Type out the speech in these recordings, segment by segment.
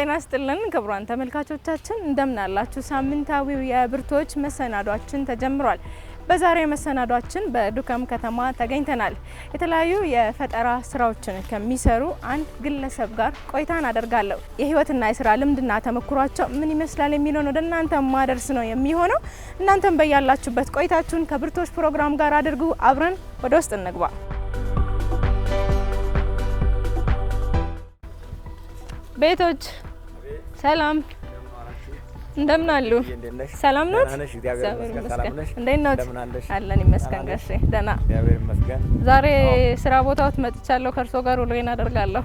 ጤና ስጥልን ክቡራን ተመልካቾቻችን እንደምን አላችሁ? ሳምንታዊው የብርቱዎች መሰናዷችን ተጀምሯል። በዛሬ መሰናዷችን በዱከም ከተማ ተገኝተናል። የተለያዩ የፈጠራ ስራዎችን ከሚሰሩ አንድ ግለሰብ ጋር ቆይታን አደርጋለሁ። የህይወትና የስራ ልምድና ተሞክሯቸው ምን ይመስላል የሚለውን ወደ እናንተ ማደርስ ነው የሚሆነው። እናንተም በያላችሁበት ቆይታችሁን ከብርቶች ፕሮግራም ጋር አድርጉ። አብረን ወደ ውስጥ እንግባ። ቤቶች ሰላም እንደምን አሉ? ሰላም ነዎት? እንዴት ነዎት? አለን ይመስገን ጋሼ ደህና። ዛሬ ስራ ቦታዎት መጥቻለሁ። ከእርስዎ ጋር አደርጋለሁ።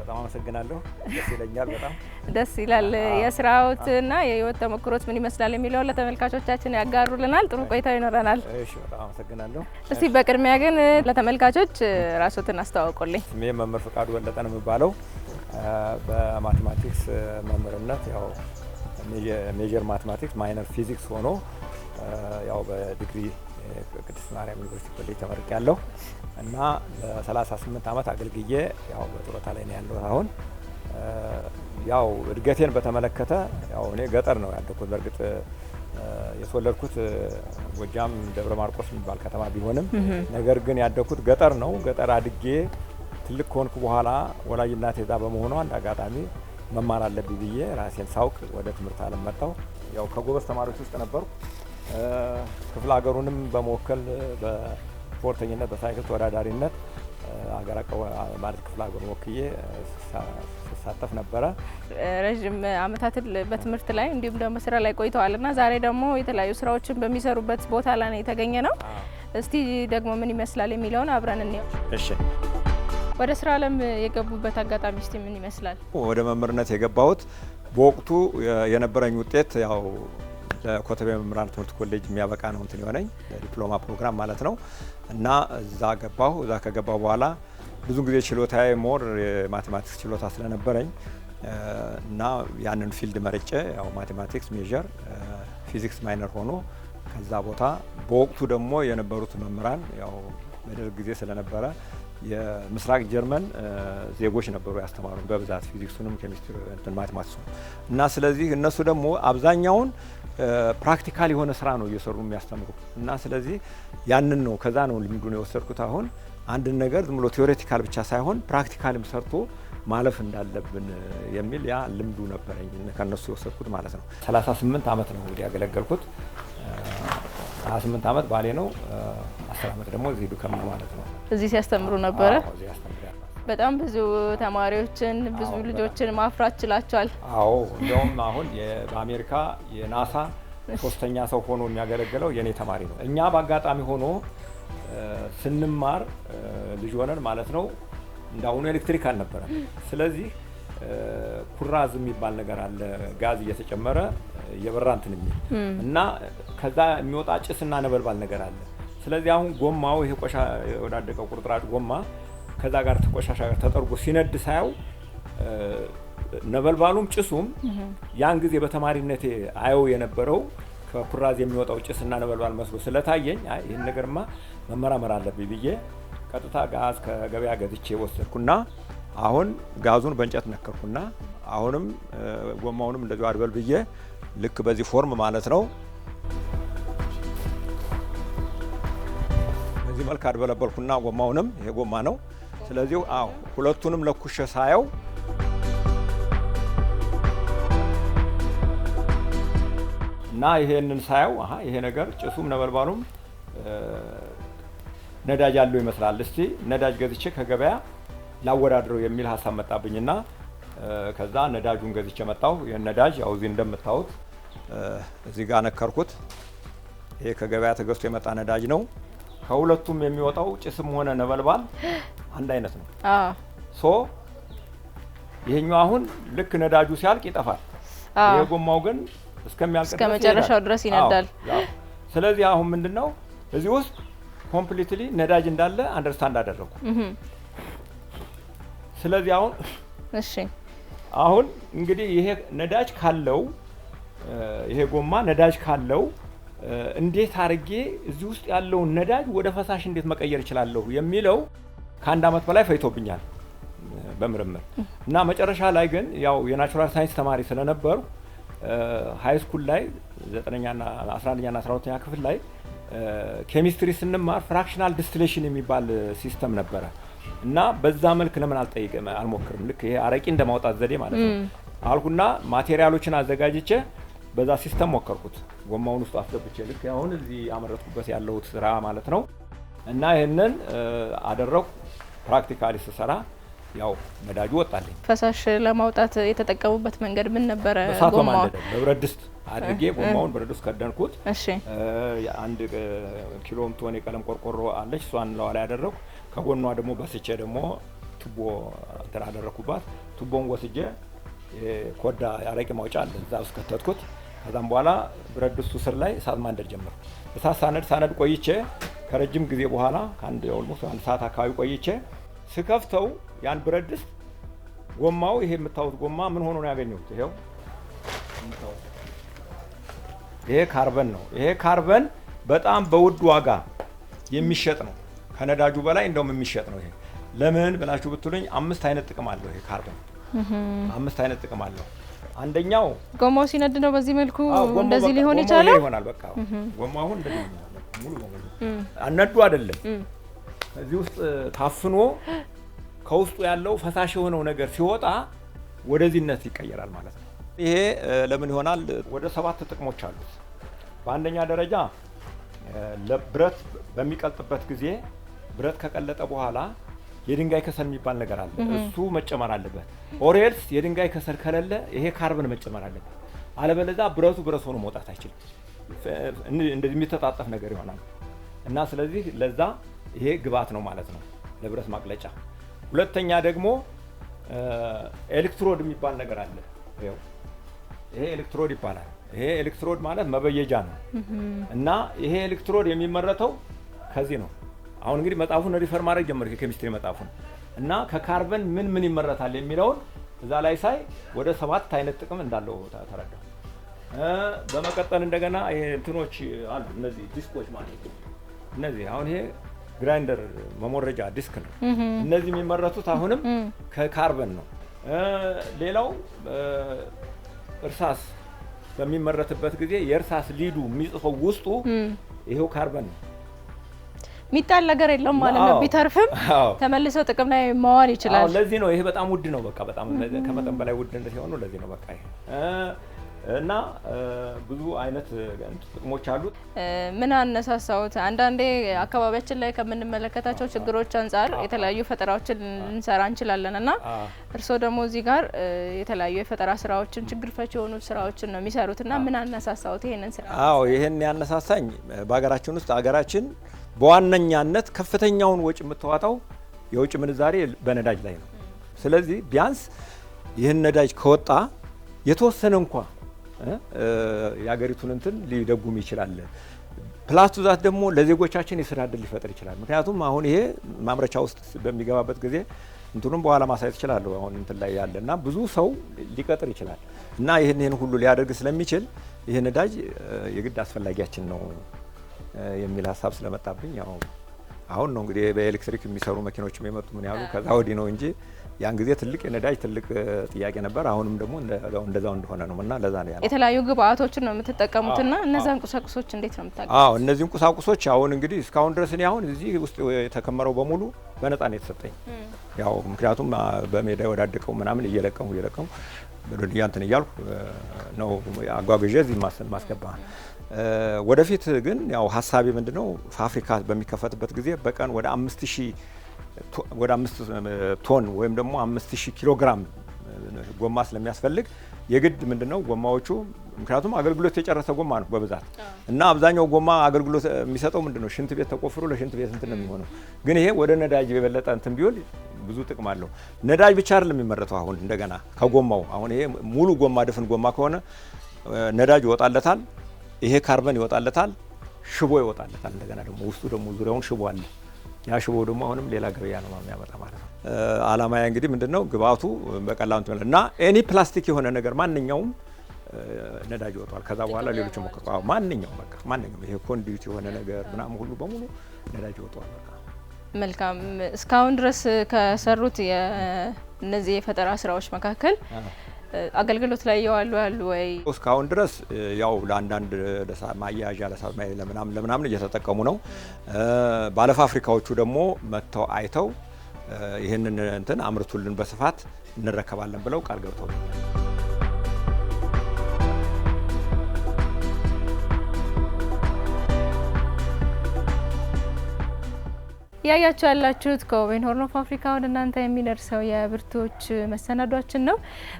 በጣም አመሰግናለሁ። ደስ ይለኛል። በጣም ደስ ይላል። የስራዎትና የህይወት ተሞክሮት ምን ይመስላል የሚለውን ለተመልካቾቻችን ያጋሩልናል። ጥሩ ቆይታ ይኖረናል። በጣም አመሰግናለሁ። እስቲ በቅድሚያ ግን ለተመልካቾች ራስዎትን አስተዋውቁልኝ። ስሜ መምህር ፍቃዱ ነው የሚባለው በማቴማቲክስ መምህርነት ያው ሜጀር ማቴማቲክስ ማይነር ፊዚክስ ሆኖ ያው በዲግሪ ቅድስት ማርያም ዩኒቨርሲቲ ኮሌጅ እና በ 38 ዓመት አገልግዬ ያው በጡረታ ላይ ነው ያለሁት አሁን። ያው እድገቴን በተመለከተ ያው እኔ ገጠር ነው ያደኩት። በእርግጥ የተወለድኩት ጎጃም ደብረ ማርቆስ የሚባል ከተማ ቢሆንም ነገር ግን ያደኩት ገጠር ነው። ገጠር አድጌ ትልቅ ከሆንኩ በኋላ ወላጅ እናቴ እዛ በመሆኗ አንድ አጋጣሚ መማር አለብኝ ብዬ ራሴን ሳውቅ ወደ ትምህርት አለም መጣሁ። ያው ከጎበዝ ተማሪዎች ውስጥ ነበርኩ። ክፍለ ሀገሩንም በመወከል በስፖርተኝነት፣ በሳይክል ተወዳዳሪነት ሀገር አቀፍ ማለት ክፍለ ሀገሩን ወክዬ ስሳተፍ ነበረ። ረዥም ዓመታትን በትምህርት ላይ እንዲሁም ደግሞ ስራ ላይ ቆይተዋል እና ዛሬ ደግሞ የተለያዩ ስራዎችን በሚሰሩበት ቦታ ላይ የተገኘ ነው። እስቲ ደግሞ ምን ይመስላል የሚለውን አብረን እንየው። እሺ ወደ ስራ ዓለም የገቡበት አጋጣሚ እስቲ ምን ይመስላል? ወደ መምህርነት የገባሁት በወቅቱ የነበረኝ ውጤት ያው ለኮተቤ መምህራን ትምህርት ኮሌጅ የሚያበቃ ነው እንትን የሆነኝ ዲፕሎማ ፕሮግራም ማለት ነው። እና እዛ ገባሁ። እዛ ከገባሁ በኋላ ብዙ ጊዜ ችሎታ ሞር የማቴማቲክስ ችሎታ ስለነበረኝ እና ያንን ፊልድ መርጬ ያው ማቴማቲክስ ሜጀር ፊዚክስ ማይነር ሆኖ ከዛ ቦታ በወቅቱ ደግሞ የነበሩት መምህራን ያው በደርግ ጊዜ ስለነበረ የምስራቅ ጀርመን ዜጎች ነበሩ ያስተማሩ በብዛት ፊዚክሱንም ኬሚስትሪ ማትማቲክሱ እና ስለዚህ እነሱ ደግሞ አብዛኛውን ፕራክቲካል የሆነ ስራ ነው እየሰሩ የሚያስተምሩ እና ስለዚህ ያንን ነው ከዛ ነው ልምዱን የወሰድኩት። አሁን አንድን ነገር ዝም ብሎ ቴዎሬቲካል ብቻ ሳይሆን ፕራክቲካልም ሰርቶ ማለፍ እንዳለብን የሚል ያ ልምዱ ነበረኝ ከነሱ የወሰድኩት ማለት ነው። 38 ዓመት ነው እንግዲህ ያገለገልኩት። 28 ዓመት ባሌ ነው። 10 ዓመት ደግሞ እዚህ ዱከም ማለት ነው። እዚህ ሲያስተምሩ ነበረ። በጣም ብዙ ተማሪዎችን ብዙ ልጆችን ማፍራት ችላቸዋል። አዎ እንደውም አሁን በአሜሪካ የናሳ ሶስተኛ ሰው ሆኖ የሚያገለግለው የእኔ ተማሪ ነው። እኛ በአጋጣሚ ሆኖ ስንማር ልጅ ሆነን ማለት ነው እንዳሁኑ ኤሌክትሪክ አልነበረም። ስለዚህ ኩራዝ የሚባል ነገር አለ ጋዝ እየተጨመረ የበራ እንትን የሚል እና ከዛ የሚወጣ ጭስና ነበልባል ነገር አለ። ስለዚህ አሁን ጎማው ይሄ ቆሻ የወዳደቀው ቁርጥራጭ ጎማ ከዛ ጋር ተቆሻሻ ጋር ተጠርጎ ሲነድ ሳየው ነበልባሉም ጭሱም ያን ጊዜ በተማሪነት አየው የነበረው ከኩራዝ የሚወጣው ጭስና ነበልባል መስሎ ስለታየኝ ይህን ነገርማ መመራመር አለብኝ ብዬ ቀጥታ ጋዝ ከገበያ ገዝቼ ወሰድኩና አሁን ጋዙን በእንጨት ነከርኩና አሁንም ጎማውንም እንደዚሁ አድበል ብዬ ልክ በዚህ ፎርም ማለት ነው። በዚህ መልክ አድበለበልኩና ጎማውንም ይሄ ጎማ ነው። ስለዚህ አዎ ሁለቱንም ለኩሸ ሳየው እና ይሄንን ሳየው አሀ ይሄ ነገር ጭሱም ነበልባሉም ነዳጅ ያለው ይመስላል። እስቲ ነዳጅ ገዝቼ ከገበያ ላወዳድረው የሚል ሀሳብ መጣብኝና ከዛ ነዳጁን ገዝቼ መጣሁ። ይህን ነዳጅ ያው እዚህ እንደምታዩት እዚህ ጋር ነከርኩት። ይሄ ከገበያ ተገዝቶ የመጣ ነዳጅ ነው። ከሁለቱም የሚወጣው ጭስም ሆነ ነበልባል አንድ አይነት ነው። ሶ ይሄኛው አሁን ልክ ነዳጁ ሲያልቅ ይጠፋል። የጎማው ግን እስከሚያልቅ እስከ መጨረሻው ድረስ ይነዳል። ስለዚህ አሁን ምንድነው እዚህ ውስጥ ኮምፕሊትሊ ነዳጅ እንዳለ አንደርስታንድ አደረጉ። ስለዚህ አሁን እሺ አሁን እንግዲህ ይሄ ነዳጅ ካለው ይሄ ጎማ ነዳጅ ካለው እንዴት አርጌ እዚህ ውስጥ ያለውን ነዳጅ ወደ ፈሳሽ እንዴት መቀየር እችላለሁ የሚለው ከአንድ ዓመት በላይ ፈይቶብኛል በምርምር እና መጨረሻ ላይ ግን ያው የናቹራል ሳይንስ ተማሪ ስለነበሩ ሀይ ስኩል ላይ ዘጠነኛና አስራ አንደኛና አስራ ሁለተኛ ክፍል ላይ ኬሚስትሪ ስንማር ፍራክሽናል ዲስትሌሽን የሚባል ሲስተም ነበረ እና በዛ መልክ ለምን አልጠይቅም አልሞክርም ልክ ይሄ አረቂ እንደማውጣት ዘዴ ማለት ነው አልኩና ማቴሪያሎችን አዘጋጅቼ በዛ ሲስተም ሞከርኩት። ጎማውን ውስጥ አስገብቼ ልክ አሁን እዚህ ያመረትኩበት ያለሁት ስራ ማለት ነው። እና ይህንን አደረግኩ ፕራክቲካሊ ስሰራ ያው ነዳጁ ወጣልኝ። ፈሳሽ ለማውጣት የተጠቀሙበት መንገድ ምን ነበረ? እሳት በማንደድ በብረት ድስት አድርጌ ጎማውን ብረት ድስት ከደንኩት። አንድ ኪሎ ምትሆን የቀለም ቆርቆሮ አለች፣ እሷን ለዋላ ያደረግኩ ከጎኗ ደግሞ በስቼ ደግሞ ቱቦ እንትን አደረግኩባት። ቱቦን ወስጄ ኮዳ አረቂ ማውጫ አለ፣ እዛ ውስጥ ከተትኩት። ከዛም በኋላ ብረት ድስቱ ስር ላይ እሳት ማንደድ ጀመርኩ። እሳት ሳነድ ሳነድ ቆይቼ ከረጅም ጊዜ በኋላ ከአንድ ኦልሞስት አንድ ሰዓት አካባቢ ቆይቼ ስከፍተው ያን ብረት ድስት ጎማው ይሄ የምታዩት ጎማ ምን ሆኖ ነው ያገኘሁት? ይሄው ይሄ ካርበን ነው። ይሄ ካርበን በጣም በውድ ዋጋ የሚሸጥ ነው። ከነዳጁ በላይ እንደውም የሚሸጥ ነው። ይሄ ለምን ብላችሁ ብትሉኝ አምስት አይነት ጥቅም አለው። ይሄ ካርበን አምስት አይነት ጥቅም አለው። አንደኛው ጎማው ሲነድ ነው። በዚህ መልኩ እንደዚህ ሊሆን ይችላል ይሆናል። በቃ ጎማው አሁን እንደዚህ ሙሉ በሙሉ አነዱ አይደለም። እዚህ ውስጥ ታፍኖ ከውስጡ ያለው ፈሳሽ የሆነው ነገር ሲወጣ ወደዚህነት ይቀየራል ማለት ነው። ይሄ ለምን ይሆናል? ወደ ሰባት ጥቅሞች አሉት። በአንደኛ ደረጃ ለብረት በሚቀልጥበት ጊዜ ብረት ከቀለጠ በኋላ የድንጋይ ከሰል የሚባል ነገር አለ። እሱ መጨመር አለበት። ኦሬልስ የድንጋይ ከሰል ከሌለ ይሄ ካርበን መጨመር አለበት። አለበለዚያ ብረቱ ብረት ሆኖ መውጣት አይችልም። እንደዚህ የሚተጣጠፍ ነገር ይሆናል እና ስለዚህ ለዛ ይሄ ግብአት ነው ማለት ነው ለብረት ማቅለጫ። ሁለተኛ ደግሞ ኤሌክትሮድ የሚባል ነገር አለ። ይሄ ኤሌክትሮድ ይባላል። ይሄ ኤሌክትሮድ ማለት መበየጃ ነው እና ይሄ ኤሌክትሮድ የሚመረተው ከዚህ ነው አሁን እንግዲህ መጣፉን ሪፈር ማድረግ ጀመር የኬሚስትሪ መጣፉን እና ከካርበን ምን ምን ይመረታል የሚለውን እዛ ላይ ሳይ ወደ ሰባት አይነት ጥቅም እንዳለው ተረዳ። በመቀጠል እንደገና እንትኖች አሉ እነዚህ ዲስኮች ማለት እነዚህ አሁን ይሄ ግራይንደር መሞረጃ ዲስክ ነው። እነዚህ የሚመረቱት አሁንም ከካርበን ነው። ሌላው እርሳስ በሚመረትበት ጊዜ የእርሳስ ሊዱ የሚጽፈው ውስጡ ይሄው ካርበን ነው። የሚጣል ነገር የለም ማለት ነው። ቢተርፍም ተመልሶ ጥቅም ላይ መዋል ይችላል። ለዚህ ነው ይሄ በጣም ውድ ነው። በቃ በጣም ከመጠን በላይ ውድ ሲሆኑ ለዚህ ነው በቃ ይሄ እና ብዙ አይነት ጥቅሞች አሉት። ምን አነሳሳውት? አንዳንዴ አካባቢያችን ላይ ከምንመለከታቸው ችግሮች አንጻር የተለያዩ ፈጠራዎችን ልንሰራ እንችላለን እና እርስዎ ደግሞ እዚህ ጋር የተለያዩ የፈጠራ ስራዎችን ችግር ፈች የሆኑ ስራዎችን ነው የሚሰሩት እና ምን አነሳሳውት ይሄንን ስራ? አዎ ያነሳሳኝ በሀገራችን ውስጥ ሀገራችን በዋነኛነት ከፍተኛውን ወጪ የምትዋጣው የውጭ ምንዛሬ በነዳጅ ላይ ነው። ስለዚህ ቢያንስ ይህን ነዳጅ ከወጣ የተወሰነ እንኳ የሀገሪቱን እንትን ሊደጉም ይችላል። ፕላስቱ ዛት ደግሞ ለዜጎቻችን የስራ እድል ሊፈጥር ይችላል። ምክንያቱም አሁን ይሄ ማምረቻ ውስጥ በሚገባበት ጊዜ እንትኑም በኋላ ማሳየት ይችላሉ። አሁን እንትን ላይ ያለ እና ብዙ ሰው ሊቀጥር ይችላል እና ይህን ይህን ሁሉ ሊያደርግ ስለሚችል ይህ ነዳጅ የግድ አስፈላጊያችን ነው። የሚል ሀሳብ ስለመጣብኝ ያው አሁን ነው እንግዲህ በኤሌክትሪክ የሚሰሩ መኪኖች የመጡ ምን ያሉ ከዛ ወዲህ ነው እንጂ ያን ጊዜ ትልቅ የነዳጅ ትልቅ ጥያቄ ነበር። አሁንም ደግሞ እንደዛው እንደሆነ ነው እና ለዛ ነው ያለው። የተለያዩ ግብአቶችን ነው የምትጠቀሙት። ና እነዛን ቁሳቁሶች እንዴት ነው የምታገኙት? አዎ እነዚህን ቁሳቁሶች አሁን እንግዲህ እስካሁን ድረስ እኔ አሁን እዚህ ውስጥ የተከመረው በሙሉ በነፃ ነው የተሰጠኝ። ያው ምክንያቱም በሜዳ ወዳደቀው ምናምን እየለቀሙ እየለቀሙ እያንትን እያልኩ ነው አጓጉዤ እዚህ ማስገባ ወደፊት ግን ያው ሀሳቢ ምንድነው ፋብሪካ በሚከፈትበት ጊዜ በቀን ወደ አምስት ሺህ ወደ አምስት ቶን ወይም ደግሞ አምስት ሺህ ኪሎ ግራም ጎማ ስለሚያስፈልግ የግድ ምንድነው ጎማዎቹ ምክንያቱም አገልግሎት የጨረሰ ጎማ ነው በብዛት እና አብዛኛው ጎማ አገልግሎት የሚሰጠው ምንድነው ሽንት ቤት ተቆፍሮ ለሽንት ቤት እንትን የሚሆነው። ግን ይሄ ወደ ነዳጅ የበለጠ እንትን ቢሆን ብዙ ጥቅም አለው። ነዳጅ ብቻ አይደለም የሚመረተው አሁን እንደገና ከጎማው አሁን ይሄ ሙሉ ጎማ ድፍን ጎማ ከሆነ ነዳጅ ይወጣለታል። ይሄ ካርበን ይወጣለታል፣ ሽቦ ይወጣለታል። እንደገና ደግሞ ውስጡ ደግሞ ዙሪያውን ሽቦ አለ። ያ ሽቦ ደግሞ አሁንም ሌላ ገበያ ነው የሚያመጣ ማለት ነው። አላማያ እንግዲህ ምንድን ነው ግብአቱ በቀላሉ እና ኤኒ ፕላስቲክ የሆነ ነገር ማንኛውም ነዳጅ ይወጣል። ከዛ በኋላ ሌሎች ማንኛውም በቃ ማንኛውም ይሄ ኮንዲዩት የሆነ ነገር ምናምን ሁሉ በሙሉ ነዳጅ ይወጣል። በቃ መልካም። እስካሁን ድረስ ከሰሩት የነዚህ የፈጠራ ስራዎች መካከል አገልግሎት ላይ እየዋሉ ያሉ ወይ? እስካሁን ድረስ ያው ለአንዳንድ ማያያዣ ለሳት ለምናምን ለምናምን እየተጠቀሙ ነው። ባለፋ አፍሪካዎቹ ደግሞ መጥተው አይተው ይህንን እንትን አምርቱልን በስፋት እንረከባለን ብለው ቃል ገብተው እያያችሁ ያላችሁት ከኦቤን ሆርን ኦፍ አፍሪካ ወደ እናንተ የሚደርሰው የብርቱዎች መሰናዷችን ነው።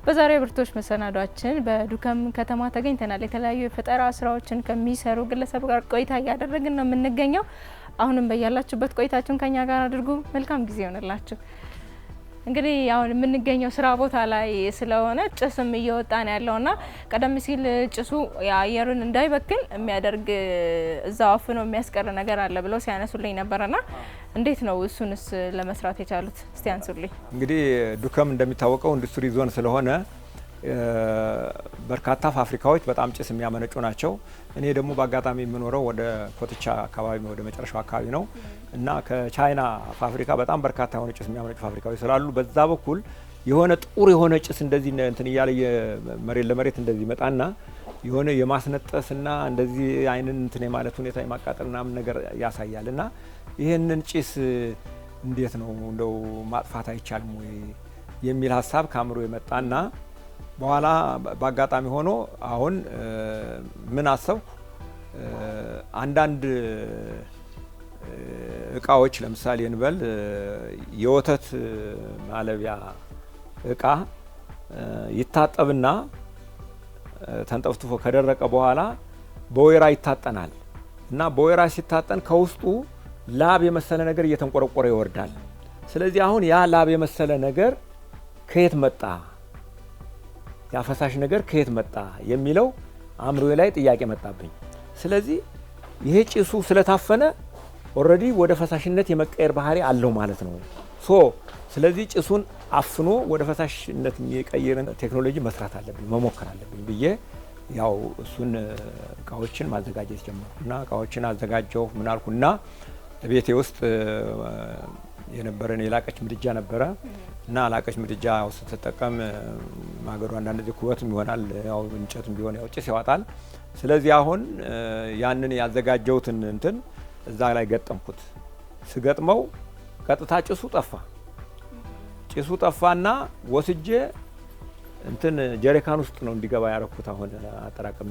በዛሬው የብርቱዎች መሰናዷችን በዱከም ከተማ ተገኝተናል። የተለያዩ የፈጠራ ስራዎችን ከሚሰሩ ግለሰብ ጋር ቆይታ እያደረግን ነው የምንገኘው። አሁንም በያላችሁበት ቆይታችሁን ከኛ ጋር አድርጉ። መልካም ጊዜ ይሆንላችሁ። እንግዲህ አሁን የምንገኘው ስራ ቦታ ላይ ስለሆነ ጭስም እየወጣ ነው እና ቀደም ሲል ጭሱ አየሩን እንዳይበክል የሚያደርግ እዛ አፍኖ የሚያስቀር ነገር አለ ብለው ሲያነሱልኝ ነበረ ነበርና እንዴት ነው እሱንስ ለመስራት የቻሉት? እስቲ አንሱልኝ። እንግዲህ ዱከም እንደሚታወቀው ኢንዱስትሪ ዞን ስለሆነ በርካታ ፋብሪካዎች በጣም ጭስ የሚያመነጩ ናቸው። እኔ ደግሞ በአጋጣሚ የምኖረው ወደ ኮትቻ አካባቢ ወደ መጨረሻው አካባቢ ነው እና ከቻይና ፋብሪካ በጣም በርካታ የሆነ ጭስ የሚያመነጩ ፋብሪካዎች ስላሉ በዛ በኩል የሆነ ጥሩ የሆነ ጭስ እንደዚህ እንትን እያለ መሬት ለመሬት እንደዚህ ይመጣና የሆነ የማስነጠስና እንደዚህ አይንን እንትን የማለት ሁኔታ የማቃጠል ምናምን ነገር ያሳያል እና ይህንን ጭስ እንዴት ነው እንደው ማጥፋት አይቻልም ወይ የሚል ሀሳብ ከአእምሮ የመጣና በኋላ በአጋጣሚ ሆኖ አሁን ምን አሰብኩ፣ አንዳንድ እቃዎች ለምሳሌ እንበል የወተት ማለቢያ እቃ ይታጠብና ተንጠፍጥፎ ከደረቀ በኋላ በወይራ ይታጠናል እና በወይራ ሲታጠን ከውስጡ ላብ የመሰለ ነገር እየተንቆረቆረ ይወርዳል። ስለዚህ አሁን ያ ላብ የመሰለ ነገር ከየት መጣ ያ ፈሳሽ ነገር ከየት መጣ የሚለው አእምሮ ላይ ጥያቄ መጣብኝ። ስለዚህ ይሄ ጭሱ ስለታፈነ ኦልሬዲ ወደ ፈሳሽነት የመቀየር ባህሪ አለው ማለት ነው። ሶ ስለዚህ ጭሱን አፍኖ ወደ ፈሳሽነት የቀየርን ቴክኖሎጂ መስራት አለብኝ መሞከር አለብኝ ብዬ ያው እሱን እቃዎችን ማዘጋጀት ጀመርኩና እቃዎችን አዘጋጀው ምናልኩና ቤቴ ውስጥ የነበረን የላቀች ምድጃ ነበረ። እና አላቀች ምድጃ ያው ስትጠቀም ማገዶ አንዳንድ ኩበትም ይሆናል፣ ያው እንጨትም ቢሆን ያው ጭስ ያወጣል። ስለዚህ አሁን ያንን ያዘጋጀውትን እንትን እዛ ላይ ገጠምኩት። ስገጥመው ቀጥታ ጭሱ ጠፋ። ጭሱ ጠፋና ወስጄ እንትን ጀሪካን ውስጥ ነው እንዲገባ ያደረኩት። አሁን አጠራቅም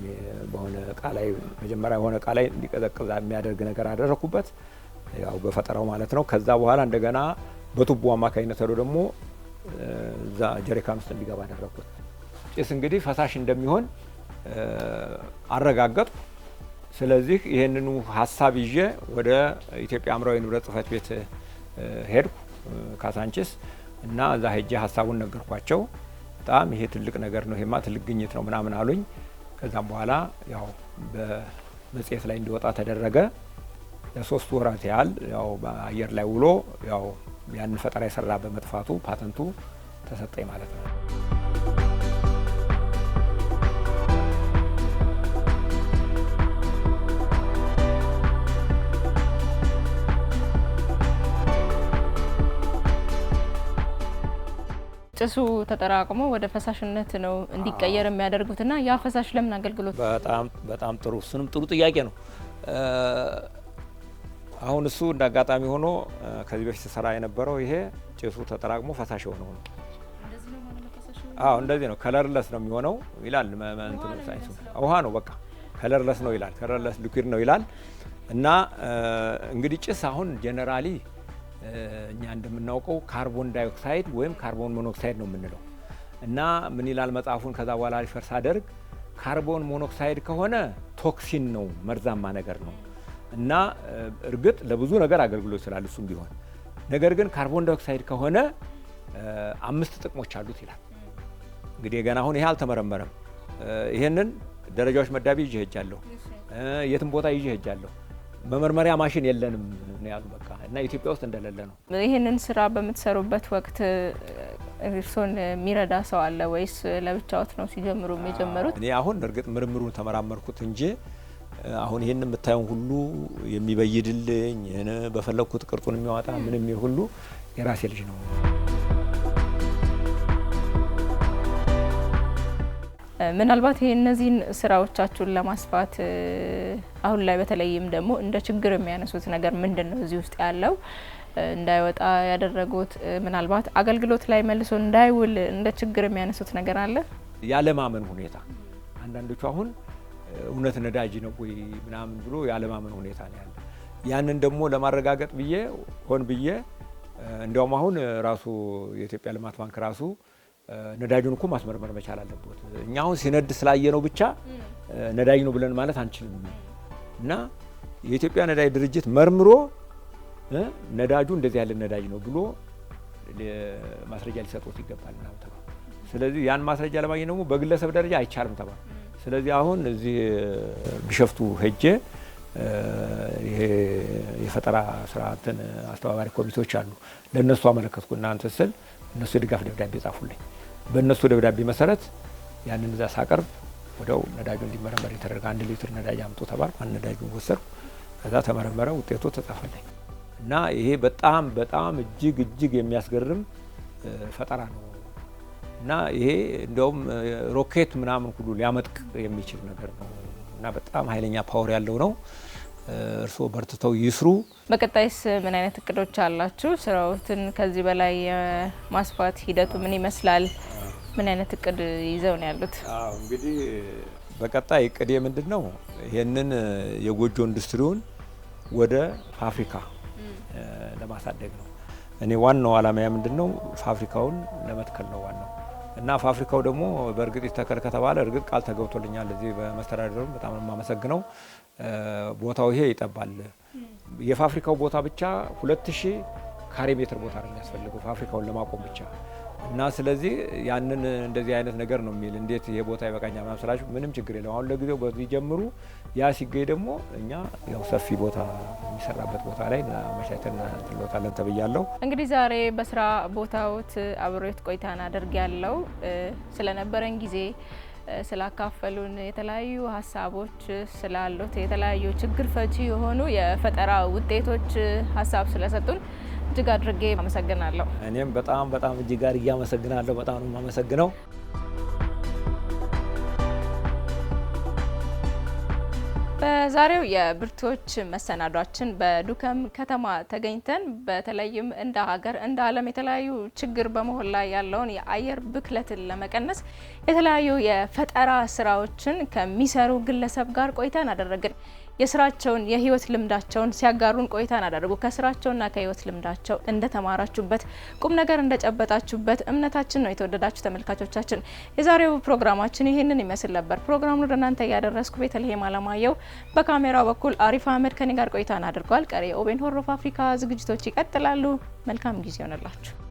በሆነ እቃ ላይ መጀመሪያ የሆነ እቃ ላይ እንዲቀዘቅዝ የሚያደርግ ነገር አደረኩበት፣ ያው በፈጠራው ማለት ነው። ከዛ በኋላ እንደገና በቱቦ አማካኝነት ሄዶ ደግሞ እዛ ጀሪካን ውስጥ እንዲገባ አደረግኩት። ጭስ እንግዲህ ፈሳሽ እንደሚሆን አረጋገጥኩ። ስለዚህ ይህንኑ ሀሳብ ይዤ ወደ ኢትዮጵያ አእምሯዊ ንብረት ጽህፈት ቤት ሄድኩ ካሳንቺስ እና እዛ ሄጄ ሀሳቡን ነገርኳቸው። በጣም ይሄ ትልቅ ነገር ነው፣ ይሄማ ትልቅ ግኝት ነው ምናምን አሉኝ። ከዛም በኋላ ያው በመጽሔት ላይ እንዲወጣ ተደረገ። ለሶስት ወራት ያህል ያው በአየር ላይ ውሎ ያው ያን ፈጠራ የሰራ በመጥፋቱ ፓተንቱ ተሰጠኝ ማለት ነው። ጭሱ ተጠራቅሞ ወደ ፈሳሽነት ነው እንዲቀየር የሚያደርጉትና ያ ፈሳሽ ለምን አገልግሎት? በጣም በጣም ጥሩ እሱንም ጥሩ ጥያቄ ነው። አሁን እሱ እንደ አጋጣሚ ሆኖ ከዚህ በፊት ስራ የነበረው ይሄ ጭሱ ተጠራቅሞ ፈሳሽ የሆነው ነው። አዎ እንደዚህ ነው። ከለርለስ ነው የሚሆነው ይላል ሳይንሱ። ውሃ ነው በቃ ከለርለስ ነው ይላል። ከለርለስ ሊኩድ ነው ይላል። እና እንግዲህ ጭስ አሁን ጀነራሊ እኛ እንደምናውቀው ካርቦን ዳይኦክሳይድ ወይም ካርቦን ሞኖክሳይድ ነው የምንለው። እና ምን ይላል መጽሐፉን ከዛ በኋላ ሪፈርስ አደርግ ካርቦን ሞኖክሳይድ ከሆነ ቶክሲን ነው መርዛማ ነገር ነው እና እርግጥ ለብዙ ነገር አገልግሎት ይችላል እሱም ቢሆን ነገር ግን ካርቦን ዳይኦክሳይድ ከሆነ አምስት ጥቅሞች አሉት ይላል። እንግዲህ ገና አሁን ይሄ አልተመረመረም። ይህንን ደረጃዎች መዳቢ ይዤ ሄጃለሁ፣ የትም ቦታ ይዤ ሄጃለሁ። መመርመሪያ ማሽን የለንም ነው ያሉ። በቃ እና ኢትዮጵያ ውስጥ እንደሌለ ነው። ይህንን ስራ በምትሰሩበት ወቅት እርሶን የሚረዳ ሰው አለ ወይስ ለብቻዎት ነው ሲጀምሩ የጀመሩት? እኔ አሁን እርግጥ ምርምሩን ተመራመርኩት እንጂ አሁን ይህን የምታየውን ሁሉ የሚበይድልኝ በፈለግኩት ቅርጹን የሚያወጣ ምንም ሁሉ የራሴ ልጅ ነው። ምናልባት ይሄ እነዚህን ስራዎቻችሁን ለማስፋት አሁን ላይ በተለይም ደግሞ እንደ ችግር የሚያነሱት ነገር ምንድን ነው? እዚህ ውስጥ ያለው እንዳይወጣ ያደረጉት ምናልባት አገልግሎት ላይ መልሶ እንዳይውል እንደ ችግር የሚያነሱት ነገር አለ። ያለማመን ሁኔታ አንዳንዶቹ አሁን እውነት ነዳጅ ነው ወይ ምናምን ብሎ የአለማመን ሁኔታ ነው ያለ። ያንን ደግሞ ለማረጋገጥ ብዬ ሆን ብዬ እንዲያውም አሁን ራሱ የኢትዮጵያ ልማት ባንክ ራሱ ነዳጁን እኮ ማስመርመር መቻል አለበት። እኛ አሁን ሲነድ ስላየነው ብቻ ነዳጅ ነው ብለን ማለት አንችልም። እና የኢትዮጵያ ነዳጅ ድርጅት መርምሮ ነዳጁ እንደዚህ ያለ ነዳጅ ነው ብሎ ማስረጃ ሊሰጡት ይገባል ምናምን ተባለ። ስለዚህ ያን ማስረጃ ለማግኘት ደግሞ በግለሰብ ደረጃ አይቻልም ተባለ። ስለዚህ አሁን እዚህ ቢሸፍቱ ሄጄ ይሄ የፈጠራ ስርዓትን አስተባባሪ ኮሚቴዎች አሉ። ለእነሱ አመለከትኩ። እናንተ ስል እነሱ የድጋፍ ደብዳቤ ጻፉልኝ። በእነሱ ደብዳቤ መሰረት ያንን እዛ ሳቀርብ ወደው ነዳጁ እንዲመረመር የተደረገ አንድ ሊትር ነዳጅ አምጦ ተባልኩ። አንድ ነዳጁ ወሰድኩ። ከዛ ተመረመረ፣ ውጤቱ ተጻፈልኝ እና ይሄ በጣም በጣም እጅግ እጅግ የሚያስገርም ፈጠራ ነው። እና ይሄ እንደውም ሮኬት ምናምን ሁሉ ሊያመጥቅ የሚችል ነገር ነው እና በጣም ኃይለኛ ፓወር ያለው ነው። እርስዎ በርትተው ይስሩ። በቀጣይስ ምን አይነት እቅዶች አላችሁ? ስራዎትን ከዚህ በላይ የማስፋት ሂደቱ ምን ይመስላል? ምን አይነት እቅድ ይዘው ነው ያሉት? እንግዲህ በቀጣይ እቅድ ምንድን ነው? ይህንን የጎጆ ኢንዱስትሪውን ወደ ፋብሪካ ለማሳደግ ነው። እኔ ዋናው አላማያ ምንድን ነው? ፋብሪካውን ለመትከል ነው ዋናው እና ፋብሪካው ደግሞ በእርግጥ ይተከል ከተባለ እርግጥ ቃል ተገብቶልኛል። እዚህ በመስተዳደሩ በጣም የማመሰግነው ቦታው ይሄ ይጠባል። የፋብሪካው ቦታ ብቻ ሁለት ሺህ ካሬ ሜትር ቦታ ነው የሚያስፈልገው ፋብሪካውን ለማቆም ብቻ እና ስለዚህ ያንን እንደዚህ አይነት ነገር ነው የሚል እንዴት ይሄ ቦታ ይበቃኛል ምናምን ስላችሁ ምንም ችግር የለም። አሁን ለጊዜው በዚህ ጀምሩ። ያ ሲገኝ ደግሞ እኛ ያው ሰፊ ቦታ የሚሰራበት ቦታ ላይ መሻተን ትሎታለን ተብያለሁ። እንግዲህ ዛሬ በስራ ቦታዎት አብሮት ቆይታን አድርግ ያለው ስለነበረን ጊዜ ስላካፈሉን የተለያዩ ሀሳቦች ስላሉት የተለያዩ ችግር ፈቺ የሆኑ የፈጠራ ውጤቶች ሀሳብ ስለሰጡን እጅግ አድርጌ አመሰግናለሁ። እኔም በጣም በጣም እጅግ በጣም ነው የማመሰግነው። በዛሬው የብርቱዎች መሰናዷችን በዱከም ከተማ ተገኝተን በተለይም እንደ ሀገር እንደ ዓለም የተለያዩ ችግር በመሆን ላይ ያለውን የአየር ብክለትን ለመቀነስ የተለያዩ የፈጠራ ስራዎችን ከሚሰሩ ግለሰብ ጋር ቆይታን አደረግን። የስራቸውን የህይወት ልምዳቸውን ሲያጋሩን ቆይታን አደረጉ። ከስራቸውና ከህይወት ልምዳቸው እንደተማራችሁበት ቁም ነገር እንደጨበጣችሁበት እምነታችን ነው። የተወደዳችሁ ተመልካቾቻችን የዛሬው ፕሮግራማችን ይህንን ይመስል ነበር። ፕሮግራሙን ወደ እናንተ እያደረስኩ ቤተልሔም አለማየሁ፣ በካሜራው በኩል አሪፍ አህመድ ከኔ ጋር ቆይታን አድርጓል። ቀሪ የኦቤን ሆሮፍ አፍሪካ ዝግጅቶች ይቀጥላሉ። መልካም ጊዜ ሆነላችሁ